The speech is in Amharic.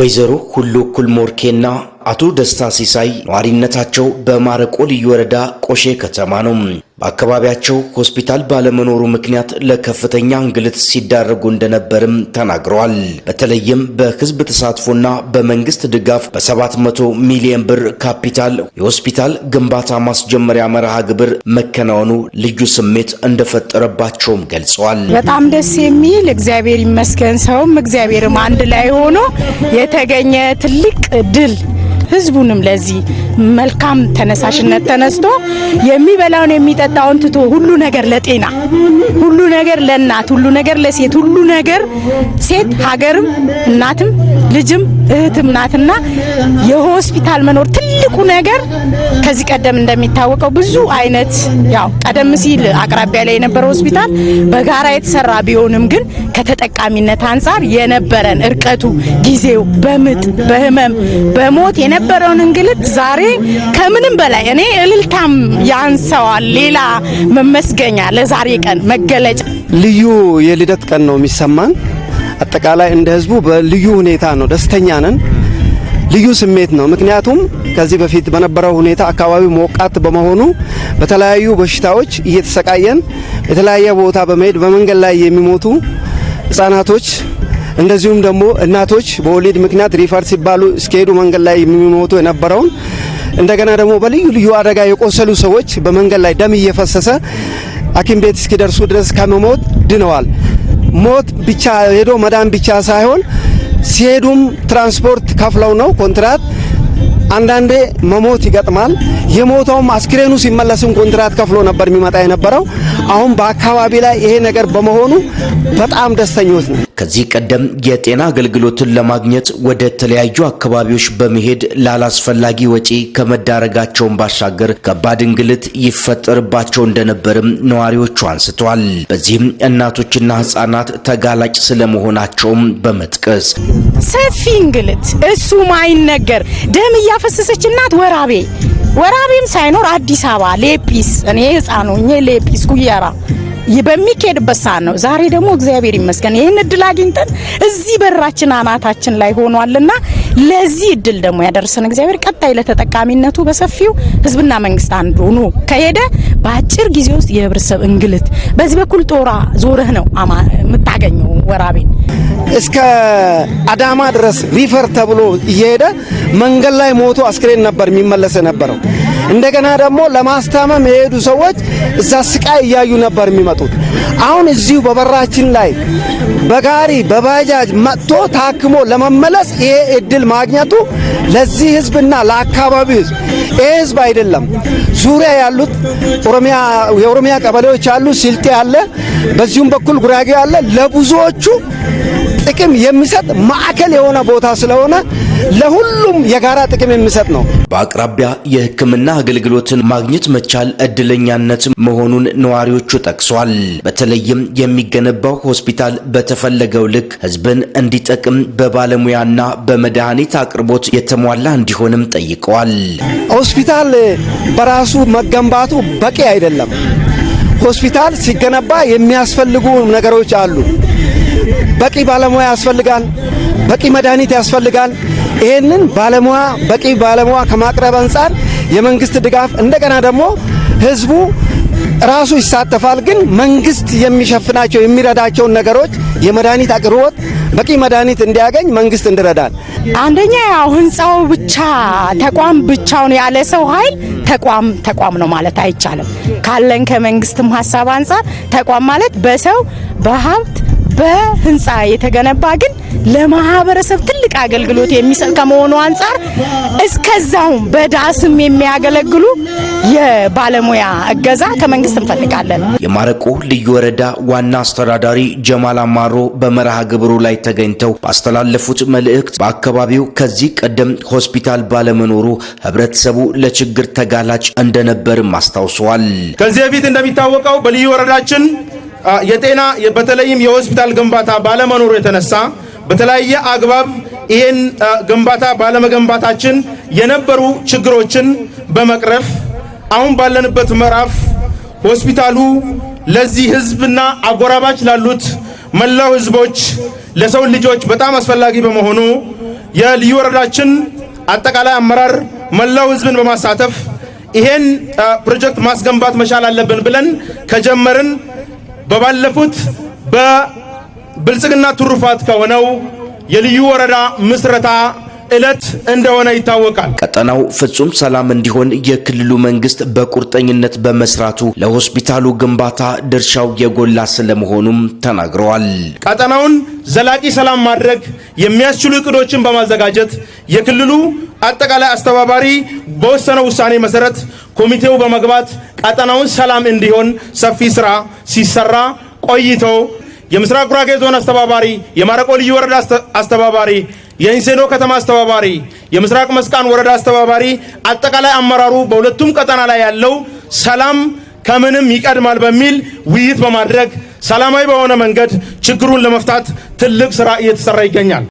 ወይዘሮ ሁሉ እኩል ሞርኬና አቶ ደስታ ሲሳይ ነዋሪነታቸው በማረቆ ልዩ ወረዳ ቆሼ ከተማ ነው። በአካባቢያቸው ሆስፒታል ባለመኖሩ ምክንያት ለከፍተኛ እንግልት ሲዳረጉ እንደነበርም ተናግረዋል። በተለይም በህዝብ ተሳትፎና በመንግስት ድጋፍ በ700 ሚሊዮን ብር ካፒታል የሆስፒታል ግንባታ ማስጀመሪያ መርሃ ግብር መከናወኑ ልዩ ስሜት እንደፈጠረባቸውም ገልጸዋል። በጣም ደስ የሚል እግዚአብሔር ይመስገን፣ ሰውም እግዚአብሔርም አንድ ላይ ሆኖ የተገኘ ትልቅ ድል ህዝቡንም ለዚህ መልካም ተነሳሽነት ተነስቶ የሚበላውን የሚጠጣውን ትቶ ሁሉ ነገር ለጤና ሁሉ ነገር ለእናት ሁሉ ነገር ለሴት ሁሉ ነገር ሴት ሀገርም እናትም ልጅም እህትም ናትና የሆስፒታል መኖር ትልቁ ነገር ከዚህ ቀደም እንደሚታወቀው ብዙ አይነት ያው ቀደም ሲል አቅራቢያ ላይ የነበረው ሆስፒታል በጋራ የተሰራ ቢሆንም ግን ከተጠቃሚነት አንጻር የነበረን እርቀቱ፣ ጊዜው በምጥ በህመም በሞት የነበረውን እንግልት ዛሬ ከምንም በላይ እኔ እልልታም ያንሰዋል። ሌላ መመስገኛ ለዛሬ ቀን መገለጫ ልዩ የልደት ቀን ነው የሚሰማን። አጠቃላይ እንደ ህዝቡ በልዩ ሁኔታ ነው ደስተኛ ነን። ልዩ ስሜት ነው። ምክንያቱም ከዚህ በፊት በነበረው ሁኔታ አካባቢ ሞቃት በመሆኑ በተለያዩ በሽታዎች እየተሰቃየን የተለያየ ቦታ በመሄድ በመንገድ ላይ የሚሞቱ ህጻናቶች እንደዚሁም ደግሞ እናቶች በወሊድ ምክንያት ሪፈር ሲባሉ እስከሄዱ መንገድ ላይ የሚሞቱ የነበረውን እንደገና ደግሞ በልዩ ልዩ አደጋ የቆሰሉ ሰዎች በመንገድ ላይ ደም እየፈሰሰ ሐኪም ቤት እስኪደርሱ ድረስ ከመሞት ድነዋል። ሞት ብቻ ሄዶ መዳን ብቻ ሳይሆን ሲሄዱም ትራንስፖርት ከፍለው ነው ኮንትራት። አንዳንዴ መሞት ይገጥማል። የሞተውም አስክሬኑ ሲመለስም ኮንትራት ከፍሎ ነበር የሚመጣ የነበረው። አሁን በአካባቢ ላይ ይሄ ነገር በመሆኑ በጣም ደስተኞት ነው። ከዚህ ቀደም የጤና አገልግሎትን ለማግኘት ወደ ተለያዩ አካባቢዎች በመሄድ ላላስፈላጊ ወጪ ከመዳረጋቸውን ባሻገር ከባድ እንግልት ይፈጠርባቸው እንደነበርም ነዋሪዎቹ አንስተዋል። በዚህም እናቶችና ህጻናት ተጋላጭ ስለመሆናቸውም በመጥቀስ ሰፊ እንግልት እሱ ማይነገር ደም እያፈሰሰች እናት ወራቤ ወራቤም ሳይኖር አዲስ አበባ ሌፒስ እኔ ሕፃን ሆኜ ሌጲስ በሚካሄድበት ሰዓት ነው። ዛሬ ደግሞ እግዚአብሔር ይመስገን ይህን እድል አግኝተን እዚህ በራችን አናታችን ላይ ሆኗልና ለዚህ እድል ደግሞ ያደረሰን እግዚአብሔር ቀጣይ ለተጠቃሚነቱ በሰፊው ህዝብና መንግስት አንዱ ሆኖ ከሄደ በአጭር ጊዜ ውስጥ የህብረተሰብ እንግልት በዚህ በኩል ጦራ ዞረህ ነው የምታገኘው። ወራቤን እስከ አዳማ ድረስ ሪፈር ተብሎ እየሄደ መንገድ ላይ ሞቶ አስክሬን ነበር የሚመለስ የነበረው። እንደገና ደግሞ ለማስታመም የሄዱ ሰዎች እዛ ስቃይ እያዩ ነበር የሚመጡት። አሁን እዚሁ በበራችን ላይ በጋሪ በባጃጅ መጥቶ ታክሞ ለመመለስ ይሄ እድል ማግኘቱ ለዚህ ህዝብና ለአካባቢው ህዝብ ይሄ ህዝብ አይደለም ዙሪያ ያሉት ኦሮሚያ የኦሮሚያ ቀበሌዎች አሉ፣ ስልጤ አለ፣ በዚሁም በኩል ጉራጌ አለ። ለብዙዎቹ ጥቅም የሚሰጥ ማዕከል የሆነ ቦታ ስለሆነ ለሁሉም የጋራ ጥቅም የሚሰጥ ነው። በአቅራቢያ የሕክምና አገልግሎትን ማግኘት መቻል እድለኛነት መሆኑን ነዋሪዎቹ ጠቅሷል። በተለይም የሚገነባው ሆስፒታል በተፈለገው ልክ ህዝብን እንዲጠቅም በባለሙያና በመድኃኒት አቅርቦት የተሟላ እንዲሆንም ጠይቀዋል። ሆስፒታል በራሱ መገንባቱ በቂ አይደለም። ሆስፒታል ሲገነባ የሚያስፈልጉ ነገሮች አሉ። በቂ ባለሙያ ያስፈልጋል። በቂ መድኃኒት ያስፈልጋል። ይህንን ባለሙያ በቂ ባለሙያ ከማቅረብ አንጻር የመንግስት ድጋፍ እንደገና ደግሞ ህዝቡ ራሱ ይሳተፋል። ግን መንግስት የሚሸፍናቸው የሚረዳቸውን ነገሮች የመድኃኒት አቅርቦት በቂ መድኃኒት እንዲያገኝ መንግስት እንድረዳል። አንደኛ ያው ህንፃው ብቻ ተቋም ብቻውን ያለ ሰው ኃይል ተቋም ተቋም ነው ማለት አይቻልም። ካለን ከመንግስትም ሀሳብ አንጻር ተቋም ማለት በሰው በሀብት በህንፃ የተገነባ ግን ለማህበረሰብ ትልቅ አገልግሎት የሚሰጥ ከመሆኑ አንጻር እስከዛውም በዳስም የሚያገለግሉ የባለሙያ እገዛ ከመንግስት እንፈልጋለን። የማረቆ ልዩ ወረዳ ዋና አስተዳዳሪ ጀማል አማሮ በመርሃ ግብሩ ላይ ተገኝተው ባስተላለፉት መልእክት በአካባቢው ከዚህ ቀደም ሆስፒታል ባለመኖሩ ህብረተሰቡ ለችግር ተጋላጭ እንደነበርም አስታውሰዋል። ከዚህ በፊት እንደሚታወቀው በልዩ ወረዳችን የጤና በተለይም የሆስፒታል ግንባታ ባለመኖሩ የተነሳ በተለያየ አግባብ ይህን ግንባታ ባለመገንባታችን የነበሩ ችግሮችን በመቅረፍ አሁን ባለንበት ምዕራፍ ሆስፒታሉ ለዚህ ህዝብና አጎራባች ላሉት መላው ህዝቦች ለሰው ልጆች በጣም አስፈላጊ በመሆኑ የልዩ ወረዳችን አጠቃላይ አመራር መላው ህዝብን በማሳተፍ ይሄን ፕሮጀክት ማስገንባት መቻል አለብን ብለን ከጀመርን በባለፉት በብልጽግና ትሩፋት ከሆነው የልዩ ወረዳ ምስረታ ዕለት እንደሆነ ይታወቃል። ቀጠናው ፍጹም ሰላም እንዲሆን የክልሉ መንግስት በቁርጠኝነት በመስራቱ ለሆስፒታሉ ግንባታ ድርሻው የጎላ ስለመሆኑም ተናግረዋል። ቀጠናውን ዘላቂ ሰላም ማድረግ የሚያስችሉ እቅዶችን በማዘጋጀት የክልሉ አጠቃላይ አስተባባሪ በወሰነው ውሳኔ መሰረት ኮሚቴው በመግባት ቀጠናውን ሰላም እንዲሆን ሰፊ ስራ ሲሰራ ቆይቶ የምስራቅ ጉራጌ ዞን አስተባባሪ፣ የማረቆ ልዩ ወረዳ አስተባባሪ የኢንሴኖ ከተማ አስተባባሪ፣ የምስራቅ መስቃን ወረዳ አስተባባሪ፣ አጠቃላይ አመራሩ በሁለቱም ቀጠና ላይ ያለው ሰላም ከምንም ይቀድማል በሚል ውይይት በማድረግ ሰላማዊ በሆነ መንገድ ችግሩን ለመፍታት ትልቅ ስራ እየተሰራ ይገኛል።